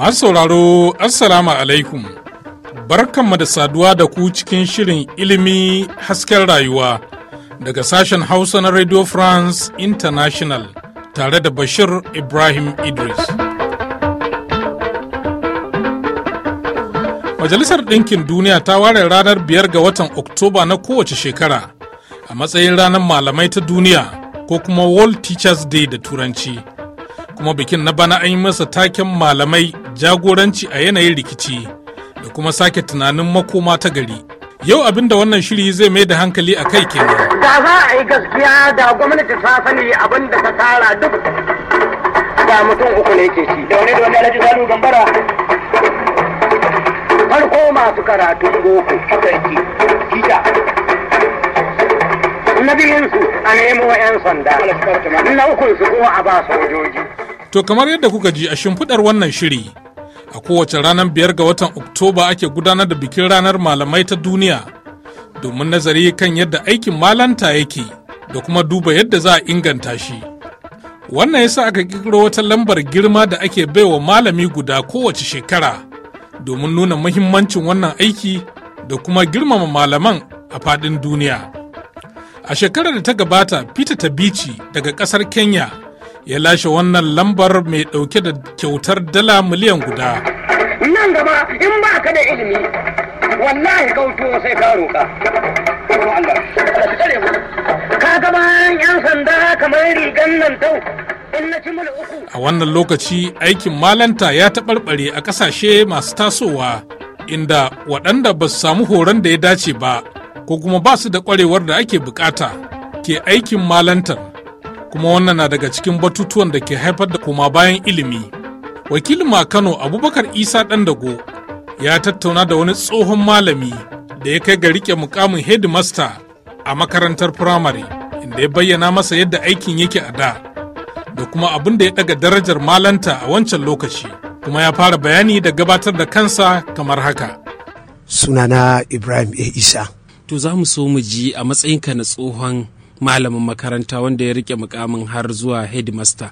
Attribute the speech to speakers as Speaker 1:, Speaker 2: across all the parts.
Speaker 1: Masu sauraro, Assalamu alaikum. Barkanmu da saduwa da ku cikin shirin ilimi hasken rayuwa daga sashen Hausa na Radio France International tare da Bashir Ibrahim Idris. Majalisar Ɗinkin Duniya ta ware ranar biyar ga watan Oktoba na kowace shekara a matsayin ranar malamai ta duniya ko kuma World Teachers Day da Turanci. kuma bikin na bana an yi masa taken malamai jagoranci a yanayin rikici da kuma sake tunanin makoma ta gari yau abinda wannan shiri zai mai da hankali a kai kenan
Speaker 2: da za a yi gaskiya da gwamnati ta sani abin da ta tara duk da mutum uku ne ke ci da da wani alaji zalu gambara farko masu karatun boko sarki tita na biyunsu a nemo 'yan sanda na ukunsu ko a ba sojoji
Speaker 1: To kamar yadda kuka ji a shimfiɗar wannan shiri, kowace ranar biyar ga watan oktoba ake gudanar da bikin ranar malamai ta duniya domin nazari kan yadda aikin malanta yake da kuma duba yadda za a inganta shi wannan yasa aka kirkiro wata lambar girma da ake baiwa malami guda kowace shekara domin nuna muhimmancin wannan aiki da kuma girmama malaman a faɗin duniya a shekarar da ta gabata peter tabici daga ƙasar kenya ya lashe wannan lambar mai ɗauke da kyautar dala miliyan guda.
Speaker 2: Nan gaba in ba ka da ilimi wallahi kauto sai ka roƙa. Ka ga 'yan sanda kamar rigan nan tau.
Speaker 1: A wannan lokaci aikin malanta ya taɓarɓare a ƙasashe masu tasowa inda waɗanda ba su samu horon da ya dace ba ko kuma ba su da ƙwarewar da ake bukata ke aikin malantar kuma wannan na daga cikin batutuwan da ke haifar da koma bayan ilimi wakilin a kano abubakar isa dago ya tattauna da wani tsohon malami da ya kai ga rike mukamin headmaster a makarantar firamare inda ya bayyana masa yadda aikin yake a da da kuma abin da ya daga darajar malanta a wancan lokaci
Speaker 2: kuma ya fara bayani da gabatar da kansa kamar haka
Speaker 3: sunana ibrahim a
Speaker 2: isa to za mu so mu ji a matsayinka na tsohon malamin makaranta wanda ya rike mukamin har zuwa headmaster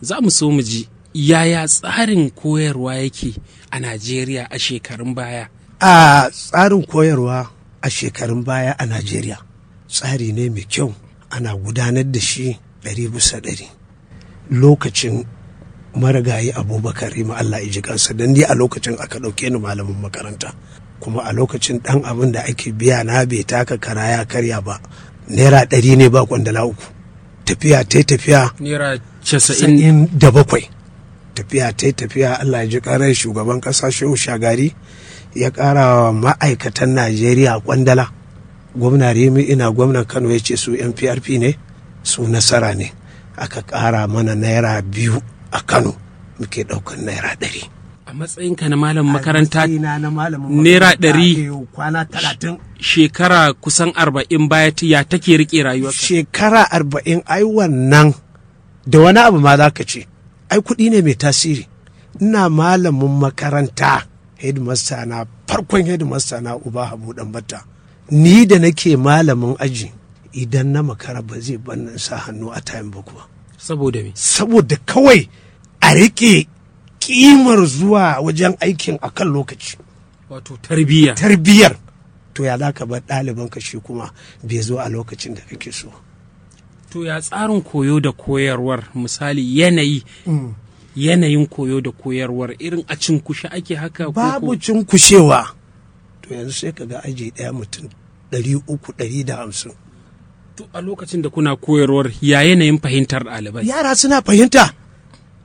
Speaker 2: za mu so mu ji yaya tsarin koyarwa yake a najeriya a shekarun baya
Speaker 3: a tsarin koyarwa a shekarun baya a najeriya tsari ne mai kyau ana gudanar da shi ɗari bisa ɗari lokacin marigayi abubakar rima allah iji kansa don ni a lokacin aka ɗauke ni malamin makaranta kuma a lokacin ɗan abin da ake biya na bai taka karaya karya ba naira ɗari ne ba kwandala uku tafiya ta yi tafiya
Speaker 2: naira casa'in
Speaker 3: da bakwai tafiya ta yi tafiya allah ya ji ƙarar shugaban ƙasa shehu shagari ya ƙara wa ma'aikatan najeriya kwandala gwamna remi ina gwamnan kano ya ce su mprp ne su nasara ne aka ƙara mana naira biyu a kano muke ɗaukar naira ɗari
Speaker 2: a matsayinka na malam makaranta naira ɗari shekara kusan arba'in baya ya take rike rayuwa shekara arba'in ai
Speaker 3: wannan da wani abu ma za ka ce ai kuɗi ne mai tasiri ina malamin makaranta headmaster na farkon headmaster na uba habu dan bata ni da nake malamin aji idan na makara ba zai ban sa hannu a tayin ba kuwa saboda kawai a riƙe kimar zuwa wajen aikin a kan lokaci
Speaker 2: wato tarbiyyar tarbiyyar
Speaker 3: to ya za ka bar ɗalibanka shi kuma bai zo a lokacin da kake so
Speaker 2: to ya tsarin koyo da koyarwar misali yanayi mm. yanayin koyo da koyarwar irin a cinkushe ake haka babu cinkushewa to yanzu sai ka ga aji ɗaya mutum ɗari uku ɗari da hamsin to a lokacin da kuna koyarwar ya yanayin fahimtar ɗalibai yara suna fahimta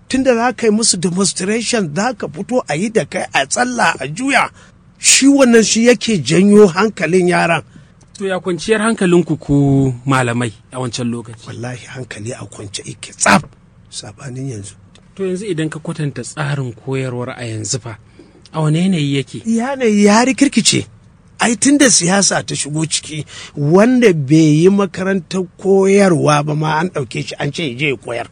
Speaker 2: tunda za ka yi musu demonstration za ka
Speaker 3: fito a yi da kai a tsalla a juya shi wannan shi yake janyo hankalin
Speaker 2: yaran to ya kwanciyar hankalin ku malamai a wancan lokaci wallahi hankali a kwance ike tsaf sabanin yanzu to yanzu idan ka kwatanta tsarin koyarwar a yanzu fa a wane yanayi yake yanayi ya rikirkice ai tun da siyasa
Speaker 3: ta shigo ciki wanda bai yi makarantar koyarwa ba ma an ɗauke shi an ce ya je koyar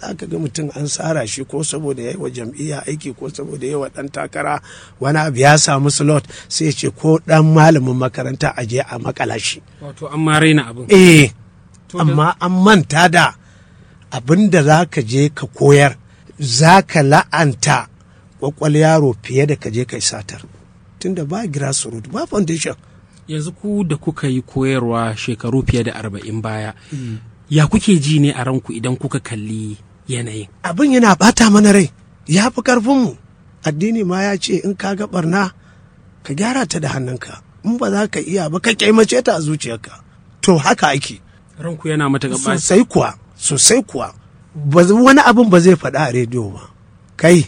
Speaker 3: za ka ga mutum an tsara shi ko saboda ya yi wa jam'iyya aiki ko saboda ya yi wa ɗan takara wani abu ya samu slot sai ce ko ɗan malamin makaranta a je a makala shi.
Speaker 2: Wato an ma raina abin. Eh, amma an manta da
Speaker 3: abin da za ka je ka koyar za ka la'anta
Speaker 2: kwakwal yaro fiye da ka je kai satar. Tunda ba grassroots ba foundation. Yanzu ku da kuka yi koyarwa shekaru fiye da arba'in baya. Hmm. ya kuke ji ne a ranku idan kuka kalli yanayin
Speaker 3: abin yana bata mana rai
Speaker 2: ya fi ƙarfinmu
Speaker 3: addini ma ya ce in ka ga barna ka gyara ta da hannunka in ba za ka iya ba ka kyaimace ta a zuciyarka to haka ake
Speaker 2: ranku yana mata gaba sosai
Speaker 3: kuwa sosai kuwa wani abin ba zai faɗa a rediyo ba kai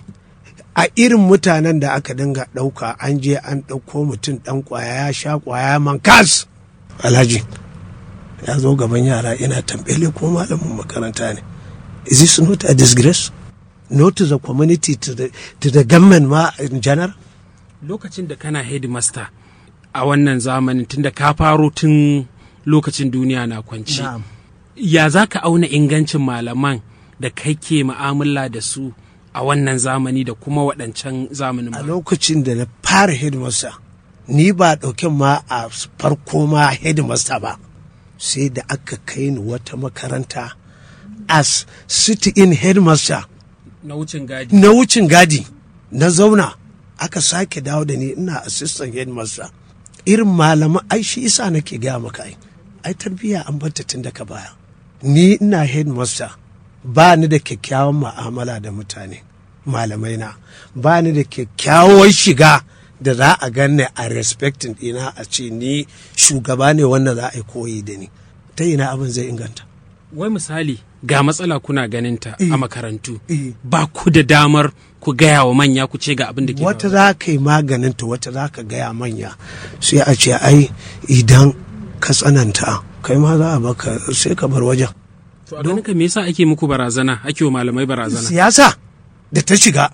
Speaker 3: a irin mutanen da aka dinga ɗauka an je an ɗauko mutum ɗan ƙwaya ya sha ƙwaya mankas alhaji ya zo gaban yara ina tambele ko malamin
Speaker 2: makaranta ne
Speaker 3: Is this not a disgrace? Not to the community, to the, to the government ma in general?
Speaker 2: Lokacin da kana headmaster a wannan zamanin da ka faro tun lokacin duniya na kwanci. Ya za ka auna ingancin malaman da kai ke mu'amala da su a wannan zamani da kuma waɗancan zamanin
Speaker 3: A lokacin da na fara headmaster, ni ba ɗauke ma a farko ma headmaster ba, sai da aka kai ni wata makaranta as sit-in headmaster na wucin gadi na zauna aka sake dawo da ni ina assistant headmaster irin malama ai shi isa nake gaya maka ai ai tarbiyya an banta tun daga baya ni ina headmaster ba ni da kyakkyawan ma'amala da mutane malamai na ba ni da kyakkyawan shiga da za a ganne a respecting ina a ce ni shugaba ne wanda za a yi koyi da ni ta ina abin zai inganta
Speaker 2: wai misali ga matsala kuna ganin ta a eh. makarantu eh. ba ku da damar ku gaya wa manya ku ce ga abin da ke
Speaker 3: wata za ka yi maganin ta wata za ka gaya manya sai a ce ai idan ka tsananta kai ma za a baka sai ka bar wajen
Speaker 2: to a ganin ka me yasa ake muku barazana ake wa malamai barazana siyasa da ta shiga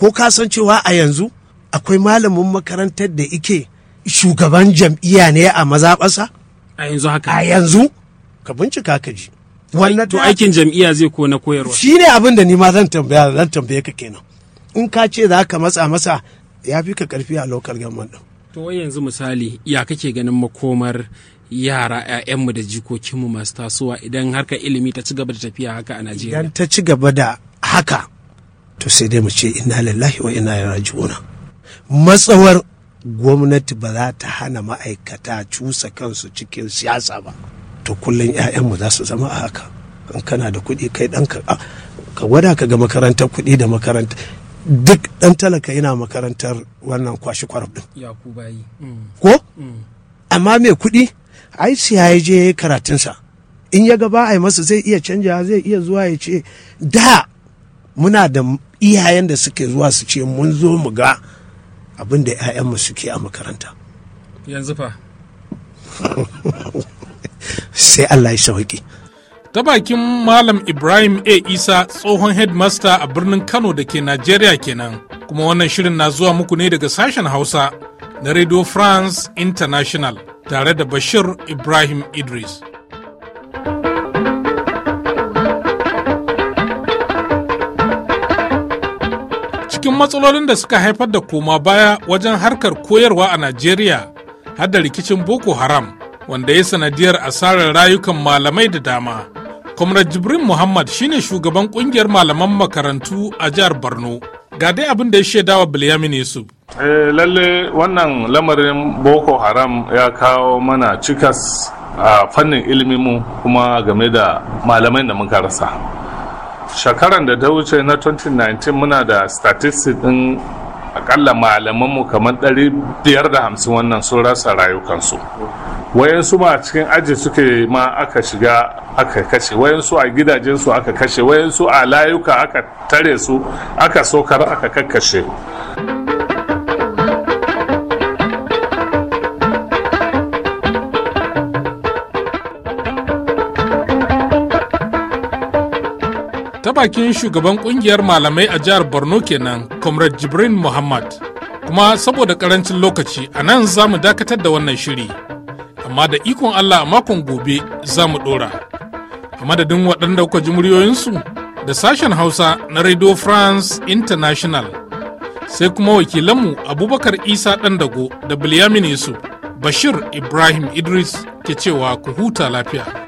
Speaker 3: ko ka san cewa a yanzu akwai malamin makarantar da ike shugaban jam'iyya ne a mazaɓarsa
Speaker 2: a yanzu haka a
Speaker 3: yanzu ka bincika ka ji
Speaker 2: wannan to aikin jam'iyya zai ko na koyarwa shine
Speaker 3: abin da ni ma zan tambaya zan tambaye ka kenan in ka ce za ka matsa masa ya fi ka karfi a local government din
Speaker 2: to yanzu misali ya kake ganin makomar yara 'ya'yanmu da jikokinmu masu tasowa idan harkar ilimi ta ci gaba da tafiya haka a Najeriya.
Speaker 3: Idan ta ci gaba da haka to sai dai mu ce inna lillahi wa inna ilaihi Matsawar gwamnati ba za ta hana ma'aikata cusa kansu cikin siyasa ba. to kullum 'ya'yanmu za su zama a haka in kana da kuɗi kai ɗanka ka gwada ka ga makarantar kuɗi da makaranta duk ɗan talaka yana makarantar wannan kwashi kwarf ɗin
Speaker 2: mm. ko mm.
Speaker 3: amma mai kuɗi ai siya ya je karatunsa in ya ga ba a masa zai iya canja zai iya zuwa ya ce da muna da iyayen da suke zuwa su ce mun zo mu ga abin da 'ya'yanmu suke a makaranta yanzu fa sai Allah ya sauki.
Speaker 2: Ta bakin
Speaker 1: Malam Ibrahim A. Isa tsohon headmaster a birnin Kano da ke Najeriya kenan, kuma wannan shirin na zuwa muku ne daga sashen Hausa na Radio France International tare da Bashir Ibrahim Idris. Cikin matsalolin da suka haifar da koma baya wajen harkar koyarwa a Najeriya, har da rikicin Boko Haram. wanda ya sanadiyar asarar rayukan malamai da dama comrade jibrin muhammad shine shugaban kungiyar malaman makarantu a jihar borno ga dai abin da ya shaidawa bilyamin yusuf eh, lalle wannan lamarin boko haram ya kawo mana cikas a fannin iliminmu kuma game da malamai da muka rasa shekaran da ta wuce na 2019 muna da statistics din akalla malamanmu kamar 550 wannan sun rasa rayukansu wayansu ma cikin aji suke ma aka shiga aka kashe wayansu a gidajensu aka kashe wayansu a layuka aka tare su aka sokar aka kakkashe ta bakin shugaban kungiyar malamai a jihar borno kenan comrade jibrin muhammad kuma saboda karancin lokaci a nan za mu dakatar da wannan shiri amma da ikon Allah a makon gobe za mu ɗora. A madadin waɗanda kuka ji muryoyinsu da sashen Hausa na Radio France International sai kuma wakilanmu Abubakar Isa Ɗandago da Bilyamin Yusuf Bashir Ibrahim Idris ke cewa ku huta lafiya.